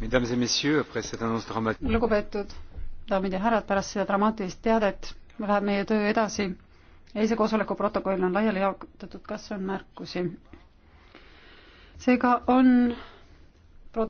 lugupeetud daamid ja härrad, pärast seda dramaatilist teadet läheb meie töö edasi. eilse koosoleku protokoll on laiali jaotatud, kas on märkusi? seega on